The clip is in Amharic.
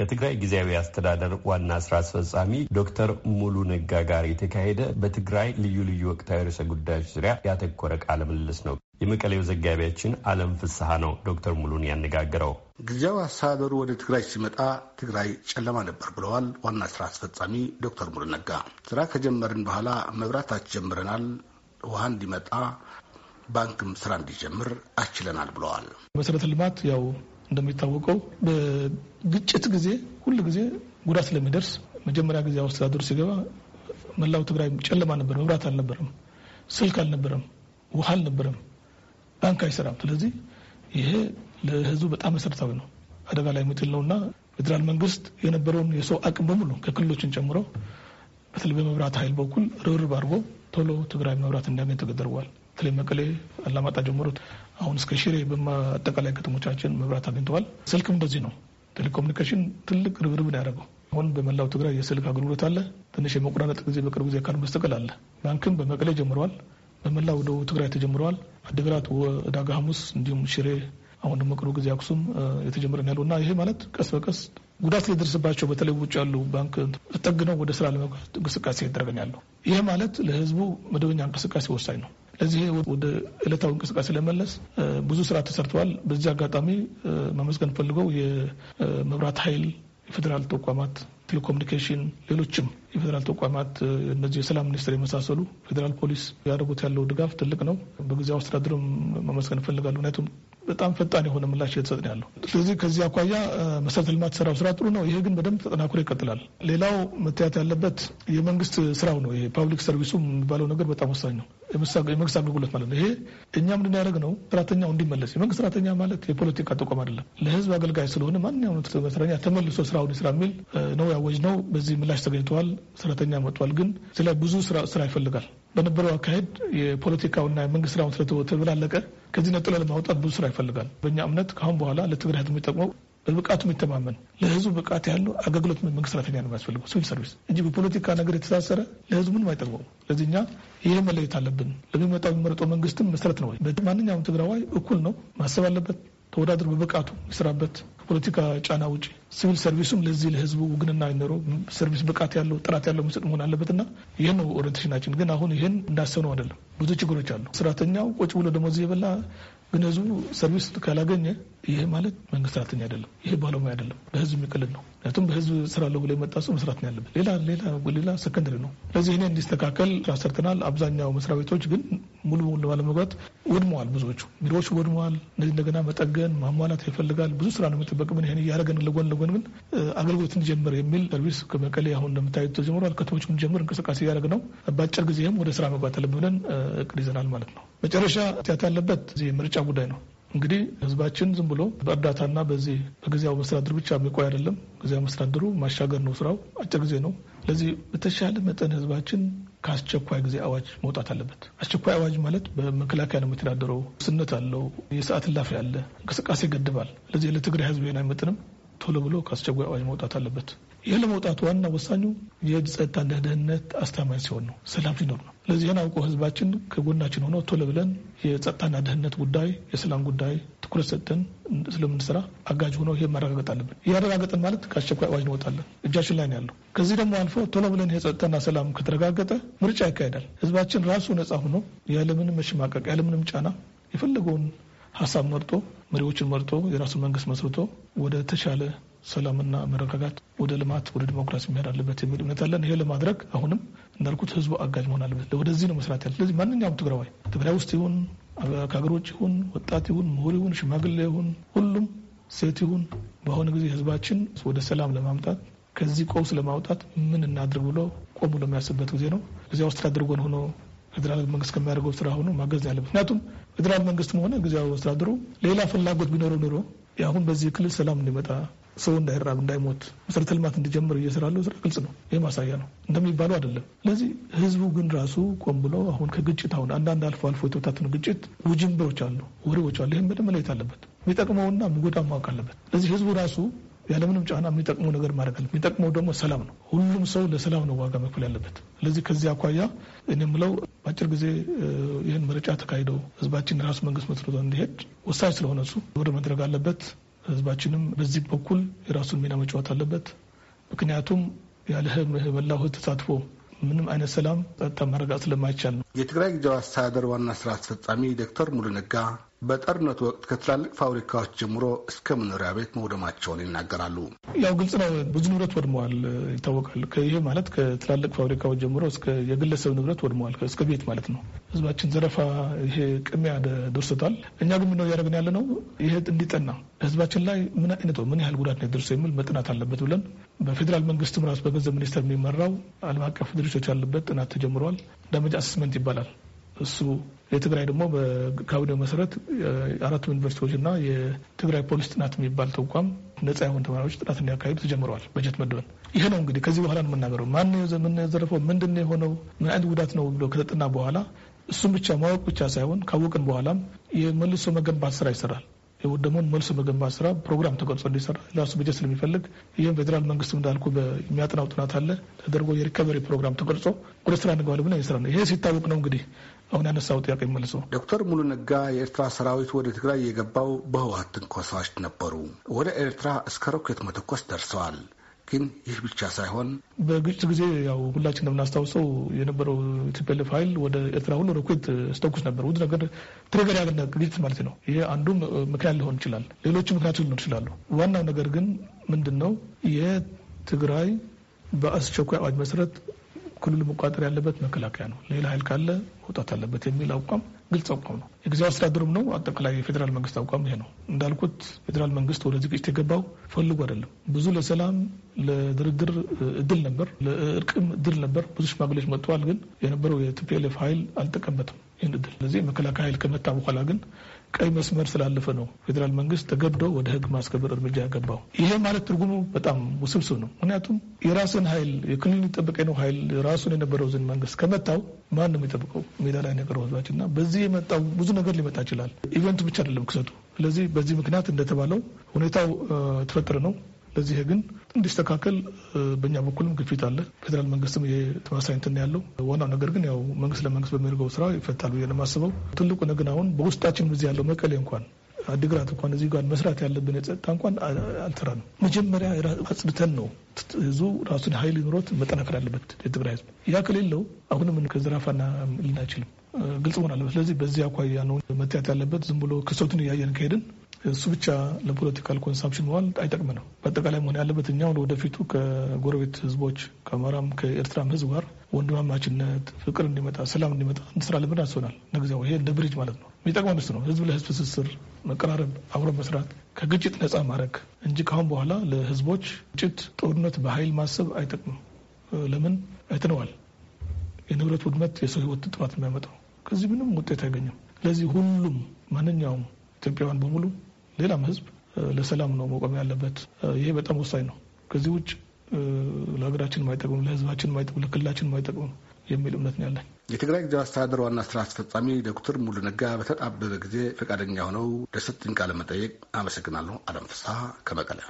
ከትግራይ ጊዜያዊ አስተዳደር ዋና ስራ አስፈጻሚ ዶክተር ሙሉ ነጋ ጋር የተካሄደ በትግራይ ልዩ ልዩ ወቅታዊ ርዕሰ ጉዳዮች ዙሪያ ያተኮረ ቃለ ምልልስ ነው። የመቀሌው ዘጋቢያችን አለም ፍስሐ ነው ዶክተር ሙሉን ያነጋግረው። ጊዜያዊ አስተዳደሩ ወደ ትግራይ ሲመጣ ትግራይ ጨለማ ነበር ብለዋል ዋና ስራ አስፈጻሚ ዶክተር ሙሉ ነጋ። ስራ ከጀመርን በኋላ መብራት ጀምረናል፣ ውሃ እንዲመጣ ባንክም ስራ እንዲጀምር አስችለናል ብለዋል። መሰረተ ልማት ያው እንደሚታወቀው በግጭት ጊዜ ሁል ጊዜ ጉዳት ስለሚደርስ መጀመሪያ ጊዜ አስተዳደሩ ሲገባ መላው ትግራይ ጨለማ ነበር። መብራት አልነበረም፣ ስልክ አልነበረም፣ ውሃ አልነበረም፣ ባንክ አይሰራም። ስለዚህ ይሄ ለህዝቡ በጣም መሰረታዊ ነው፣ አደጋ ላይ የሚጥል ነው እና ፌዴራል መንግስት የነበረውን የሰው አቅም በሙሉ ከክልሎችን ጨምሮ በተለይ በመብራት ኃይል በኩል ርብርብ አድርጎ ቶሎ ትግራይ መብራት እንዲያገኝ ተደርጓል። በተለይ መቀሌ፣ አላማጣ ጀምሮ አሁን እስከ ሽሬ በአጠቃላይ ከተሞቻችን መብራት አግኝተዋል። ስልክም እንደዚህ ነው። ቴሌኮሙኒኬሽን ትልቅ ርብርብን ያደረገው አሁን በመላው ትግራይ የስልክ አገልግሎት አለ። ትንሽ የመቆራረጥ ጊዜ በቅርብ ጊዜ ካሉ በስተቀር አለ። ባንክም በመቀሌ ጀምረዋል። በመላው ደቡብ ትግራይ ተጀምረዋል። አድግራት፣ ወዳጋ ሐሙስ፣ እንዲሁም ሽሬ አሁን ደግሞ ቅርብ ጊዜ አክሱም የተጀመረ ያለው እና ይሄ ማለት ቀስ በቀስ ጉዳት ሊደርስባቸው በተለይ ውጭ ያሉ ባንክ ጠግነው ወደ ስራ ለመግባት እንቅስቃሴ ይደረገን ያለው ይህ ማለት ለህዝቡ መደበኛ እንቅስቃሴ ወሳኝ ነው። ለዚህ ወደ ዕለታዊ እንቅስቃሴ ለመለስ ብዙ ስራ ተሰርተዋል። በዚህ አጋጣሚ መመስገን ፈልገው የመብራት ኃይል፣ የፌዴራል ተቋማት፣ ቴሌኮሙኒኬሽን፣ ሌሎችም የፌዴራል ተቋማት እነዚህ የሰላም ሚኒስቴር የመሳሰሉ ፌዴራል ፖሊስ ያደረጉት ያለው ድጋፍ ትልቅ ነው። በጊዜያዊ አስተዳደሩም መመስገን እፈልጋለሁ። ምክንያቱም በጣም ፈጣን የሆነ ምላሽ እየተሰጠን ያለው። ስለዚህ ከዚህ አኳያ መሰረተ ልማት ስራው ስራ ጥሩ ነው። ይሄ ግን በደንብ ተጠናክሮ ይቀጥላል። ሌላው መታየት ያለበት የመንግስት ስራው ነው። ይሄ ፓብሊክ ሰርቪሱ የሚባለው ነገር በጣም ወሳኝ ነው። የመንግስት አገልግሎት ማለት ነው። ይሄ እኛ ምንድን ያደረግ ነው ሰራተኛው እንዲመለስ የመንግስት ሰራተኛ ማለት የፖለቲካ ተቋም አይደለም፣ ለህዝብ አገልጋይ ስለሆነ ማንኛውም ሰራተኛ ተመልሶ ስራውን ስራ የሚል ነው ያወጅ ነው። በዚህ ምላሽ ተገኝተዋል። ሰራተኛ መጥቷል። ግን ስለ ብዙ ስራ ይፈልጋል። በነበረው አካሄድ የፖለቲካውና የመንግስት ስራውን ስለተበላለቀ ከዚህ ነጥሎ ለማውጣት ብዙ ስራ ይፈልጋል። በእኛ እምነት ከአሁን በኋላ ለትግራይ ህዝብ የሚጠቅመው በብቃቱ የሚተማመን ለህዝቡ ብቃት ያለው አገልግሎት መንግስት ሰራተኛ ነው የሚያስፈልገው ሲቪል ሰርቪስ እንጂ በፖለቲካ ነገር የተሳሰረ ለህዝቡ ምንም አይጠቅመው። ለዚህ እኛ ይህ መለየት አለብን። ለሚመጣው የሚመረጠው መንግስትም መሰረት ነው። ማንኛውም ትግራዋይ እኩል ነው ማሰብ አለበት። ተወዳድር በብቃቱ ይስራበት። ከፖለቲካ ጫና ውጭ ሲቪል ሰርቪሱም ለዚህ ለህዝቡ ውግንና ይኖረው ሰርቪስ ብቃት ያለው ጥራት ያለው የሚሰጥ መሆን አለበትና ይህን ነው ኦሪንቴሽናችን። ግን አሁን ይህን እንዳሰብነው አይደለም። ብዙ ችግሮች አሉ። ሰራተኛው ቁጭ ብሎ ደሞዝ የበላ ግን ህዝቡ ሰርቪስ ካላገኘ ይሄ ማለት መንግስት ሰራተኛ አይደለም። ይሄ ባለሙያ አይደለም። በህዝብ የሚቀልድ ነው። ምክንያቱም በህዝብ ስራ አለው ብሎ የመጣ ሰው መስራት ያለበት። ሌላ ሌላ ሌላ ሰከንድሪ ነው። ስለዚህ ይሄ እንዲስተካከል ሰርተናል። አብዛኛው መስሪያ ቤቶች ግን ሙሉ በሙሉ ባለመግባት ወድመዋል። ብዙዎቹ ቢሮዎች ወድመዋል። እነዚህ እንደገና መጠገን ማሟላት ይፈልጋል። ብዙ ስራ ነው የሚጠበቅብን። ይህን እያደረገን ለጎን ለጎን ግን አገልግሎት እንዲጀምር የሚል ሰርቪስ ከመቀሌ አሁን እንደምታዩት ተጀምሯል። ከተሞች እንዲጀምር እንቅስቃሴ እያደረግ ነው። በአጭር ጊዜም ወደ ስራ መግባት አለብን ብለን እቅድ ይዘናል ማለት ነው። መጨረሻ ትያት ያለበት እዚህ ምርጫ ጉዳይ ነው። እንግዲህ ህዝባችን ዝም ብሎ በእርዳታና በዚህ በጊዜያዊ መስተዳድር ብቻ የሚቆይ አይደለም። ጊዜያዊ መስተዳድሩ ማሻገር ነው ስራው፣ አጭር ጊዜ ነው። ስለዚህ በተሻለ መጠን ህዝባችን ከአስቸኳይ ጊዜ አዋጅ መውጣት አለበት። አስቸኳይ አዋጅ ማለት በመከላከያ ነው የሚተዳደረው፣ ስነት አለው፣ የሰዓት እላፊ አለ፣ እንቅስቃሴ ይገድባል። ስለዚህ ለትግራይ ህዝብ ይሄን አይመጥንም። ቶሎ ብሎ ከአስቸኳይ አዋጅ መውጣት አለበት። ይህ ለመውጣት ዋና ወሳኙ የጸጥታና ደህንነት አስተማማኝ ሲሆን ነው፣ ሰላም ሲኖር ነው። ለዚህን አውቆ ህዝባችን ከጎናችን ሆኖ ቶሎ ብለን የጸጥታና ደህንነት ጉዳይ፣ የሰላም ጉዳይ ትኩረት ሰጠን ስለምንሰራ አጋዥ ሆኖ ይሄ ማረጋገጥ አለብን። ያረጋገጠን ማለት ከአስቸኳይ አዋጅ እንወጣለን። እጃችን ላይ ነው ያለው። ከዚህ ደግሞ አልፎ ቶሎ ብለን የጸጥታና ሰላም ከተረጋገጠ ምርጫ ይካሄዳል። ህዝባችን ራሱ ነጻ ሆኖ ያለምንም መሸማቀቅ ያለምንም ጫና የፈለገውን ሀሳብ መርጦ መሪዎችን መርጦ የራሱን መንግስት መስርቶ ወደ ተሻለ ሰላምና መረጋጋት፣ ወደ ልማት፣ ወደ ዲሞክራሲ መሄድ አለበት የሚል እምነት አለን። ይሄ ለማድረግ አሁንም እንዳልኩት ህዝቡ አጋዥ መሆን አለበት። ወደዚህ ነው መስራት ያለ። ስለዚህ ማንኛውም ትግራዋይ ትግራይ ውስጥ ይሁን ከሀገሮች ይሁን ወጣት ይሁን ምሁር ይሁን ሽማግሌ ይሁን ሁሉም ሴት ይሁን በአሁኑ ጊዜ ህዝባችን ወደ ሰላም ለማምጣት ከዚህ ቀውስ ለማውጣት ምን እናድርግ ብሎ ቆም ብሎ የሚያስብበት ጊዜ ነው። እዚያ ውስጥ ጎን ሆኖ ፌዴራል መንግስት ከሚያደርገው ስራ ሆኖ ማገዝ ያለበት። ምክንያቱም ፌዴራል መንግስትም ሆነ ጊዜያዊ አስተዳደሩ ሌላ ፍላጎት ቢኖረው ኑሮ አሁን በዚህ ክልል ሰላም እንዲመጣ ሰው እንዳይራብ እንዳይሞት መሰረተ ልማት እንዲጀምር እየሰራለው ስራ ግልጽ ነው። ይህ ማሳያ ነው እንደሚባለው አይደለም። ስለዚህ ህዝቡ ግን ራሱ ቆም ብሎ አሁን ከግጭት አሁን አንዳንድ አልፎ አልፎ የተወታትኑ ግጭት ውጅንብሮች አሉ፣ ወሬዎች አሉ። ይህም በደንብ መለየት አለበት። የሚጠቅመውና የሚጎዳ ማወቅ አለበት። ስለዚህ ህዝቡ ራሱ ያለምንም ጫና የሚጠቅመው ነገር ማድረግ አለ። የሚጠቅመው ደግሞ ሰላም ነው። ሁሉም ሰው ለሰላም ነው ዋጋ መክፈል ያለበት። ስለዚህ ከዚህ አኳያ እኔ የምለው በአጭር ጊዜ ይህን ምርጫ ተካሂዶ ህዝባችን ራሱ መንግስት መስርቶ እንዲሄድ ወሳኝ ስለሆነ እሱ ወደ መድረግ አለበት። ህዝባችንም በዚህ በኩል የራሱን ሚና መጫወት አለበት። ምክንያቱም ያለ መላው ህዝብ ተሳትፎ ምንም አይነት ሰላም ጸጥታ ማረጋገጥ ስለማይቻል ነው። የትግራይ ጊዜያዊ አስተዳደር ዋና ስራ አስፈጻሚ ዶክተር ሙሉ ነጋ በጦርነቱ ወቅት ከትላልቅ ፋብሪካዎች ጀምሮ እስከ መኖሪያ ቤት መውደማቸውን ይናገራሉ። ያው ግልጽ ነው፣ ብዙ ንብረት ወድመዋል ይታወቃል። ይህ ማለት ከትላልቅ ፋብሪካዎች ጀምሮ እስከ የግለሰብ ንብረት ወድመዋል፣ እስከ ቤት ማለት ነው። ህዝባችን ዘረፋ፣ ይሄ ቅሚያ ደርሶታል። እኛ ግን ምነው እያደረግን ያለ ነው? ይሄ እንዲጠና ህዝባችን ላይ ምን አይነት ምን ያህል ጉዳት ነው የደርሰው የሚል መጥናት አለበት ብለን በፌዴራል መንግስትም ራሱ በገንዘብ ሚኒስቴር የሚመራው ዓለም አቀፍ ድርጅቶች ያለበት ጥናት ተጀምረዋል። ዳመጅ አሰስመንት ይባላል። እሱ የትግራይ ደግሞ በካቢኔው መሰረት አራቱም ዩኒቨርሲቲዎችና የትግራይ ፖሊስ ጥናት የሚባል ተቋም ነጻ የሆኑ ተማሪዎች ጥናት እንዲያካሂዱ ተጀምረዋል። በጀት መድበን ይሄ ነው እንግዲህ ከዚህ በኋላ የምናገረው ማን የዘረፈው ምንድን ነው የሆነው ምን አይነት ጉዳት ነው ብሎ ከተጠና በኋላ እሱም ብቻ ማወቅ ብቻ ሳይሆን ካወቅን በኋላም የመልሶ መገንባት ስራ ይሰራል። ደግሞ መልሶ መገንባት ስራ ፕሮግራም ተቀርጾ እንዲሰራ ለሱ በጀት ስለሚፈልግ ይህም ፌዴራል መንግስት እንዳልኩ የሚያጥናው ጥናት አለ ተደርጎ የሪከቨሪ ፕሮግራም ተቀርጾ ወደ ስራ እንገባለን ብለን ይስራ ነው። ይሄ ሲታወቅ ነው እንግዲህ አሁን ያነሳው ጥያቄ መልሶ ዶክተር ሙሉ ነጋ የኤርትራ ሰራዊት ወደ ትግራይ የገባው በህወሀት ትንኮሳዎች ነበሩ። ወደ ኤርትራ እስከ ሮኬት መተኮስ ደርሰዋል። ግን ይህ ብቻ ሳይሆን በግጭት ጊዜ ያው ሁላችን እንደምናስታውሰው የነበረው ቲፒኤልኤፍ ኃይል ወደ ኤርትራ ሁሉ ሮኬት ስተኩስ ነበር። ውድ ነገር ትሬገር ያገ ግጭት ማለት ነው። ይሄ አንዱ ምክንያት ሊሆን ይችላል። ሌሎቹ ምክንያቱ ሊሆን ይችላሉ። ዋናው ነገር ግን ምንድን ነው የትግራይ በአስቸኳይ አዋጅ መሰረት ክልሉ መቋጠር ያለበት መከላከያ ነው፣ ሌላ ኃይል ካለ መውጣት አለበት የሚል አቋም ግልጽ አቋም ነው። የጊዜያዊ አስተዳደሩም ነው። አጠቃላይ የፌዴራል መንግስት አቋም ይሄ ነው። እንዳልኩት ፌዴራል መንግስት ወደ ግጭት የገባው ፈልጎ አይደለም። ብዙ ለሰላም ለድርድር እድል ነበር፣ ለእርቅም እድል ነበር። ብዙ ሽማግሌዎች መጥተዋል። ግን የነበረው የቲፒኤልኤፍ ኃይል አልጠቀምበትም። ይህን ስለዚህ መከላከያ ኃይል ከመጣ በኋላ ግን ቀይ መስመር ስላለፈ ነው ፌዴራል መንግስት ተገዶ ወደ ህግ ማስከበር እርምጃ ያገባው። ይሄ ማለት ትርጉሙ በጣም ውስብስብ ነው። ምክንያቱም የራስን ኃይል የክልል ይጠበቀ ነው ኃይል ራሱን የነበረው ዝን መንግስት ከመታው ማን ነው የሚጠብቀው? ሜዳ ላይ የቀረው ህዝባችን እና በዚህ የመጣው ብዙ ነገር ሊመጣ ይችላል። ኢቨንቱ ብቻ አይደለም ክሰቱ። ስለዚህ በዚህ ምክንያት እንደተባለው ሁኔታው የተፈጠረ ነው። ለዚህ ግን እንዲስተካከል በእኛ በኩልም ግፊት አለ። ፌዴራል መንግስትም ተመሳሳይ እንትን ያለው ዋናው ነገር ግን ያው መንግስት ለመንግስት በሚያደርገው ስራ ይፈታሉ ብዬ ነው ትልቁ ነገር አሁን በውስጣችን እዚህ ያለው መቀሌ እንኳን አዲግራት እንኳን እዚህ ጋር መስራት ያለብን የጸጥታ እንኳን አልተራንም። መጀመሪያ አጽድተን ነው ህዝቡ ራሱን ሀይል ኑሮት መጠናከር አለበት የትግራይ ህዝብ። ያ ከሌለው አሁንም ከዘራፋና ልን አይችልም። ግልጽ ሆን አለበት። ስለዚህ በዚህ አኳያ ነው መታየት ያለበት። ዝም ብሎ ክሶቱን እያየን ከሄድን እሱ ብቻ ለፖለቲካል ኮንሳምፕሽን መዋል አይጠቅምንም። በአጠቃላይ መሆን ያለበት እኛ ወደፊቱ ከጎረቤት ህዝቦች ከአማራም ከኤርትራም ህዝብ ጋር ወንድማማችነት፣ ፍቅር እንዲመጣ፣ ሰላም እንዲመጣ እንስራ ልምን አስሆናል። ለጊዜው ይሄ እንደ ብሪጅ ማለት ነው። የሚጠቅመን እሱ ነው። ህዝብ ለህዝብ ትስስር፣ መቀራረብ፣ አብሮ መስራት፣ ከግጭት ነጻ ማድረግ እንጂ ከአሁን በኋላ ለህዝቦች ግጭት፣ ጦርነት በኃይል ማሰብ አይጠቅምም። ለምን አይተነዋል። የንብረት ውድመት፣ የሰው ህይወት ጥፋት የሚያመጣው ከዚህ ምንም ውጤት አይገኝም። ስለዚህ ሁሉም ማንኛውም ኢትዮጵያውያን በሙሉ ሌላም ህዝብ ለሰላም ነው መቆም ያለበት። ይሄ በጣም ወሳኝ ነው። ከዚህ ውጭ ለሀገራችን ማይጠቅሙ፣ ለህዝባችን ማይጠቅሙ፣ ለክልላችን ማይጠቅሙ የሚል እምነት ነው ያለን። የትግራይ ጊዜያዊ አስተዳደር ዋና ስራ አስፈጻሚ ዶክተር ሙሉ ነጋ በተጣበበ ጊዜ ፈቃደኛ ሆነው ደሰትኝ ቃለ መጠየቅ አመሰግናለሁ። አለም ፍስሀ ከመቀለ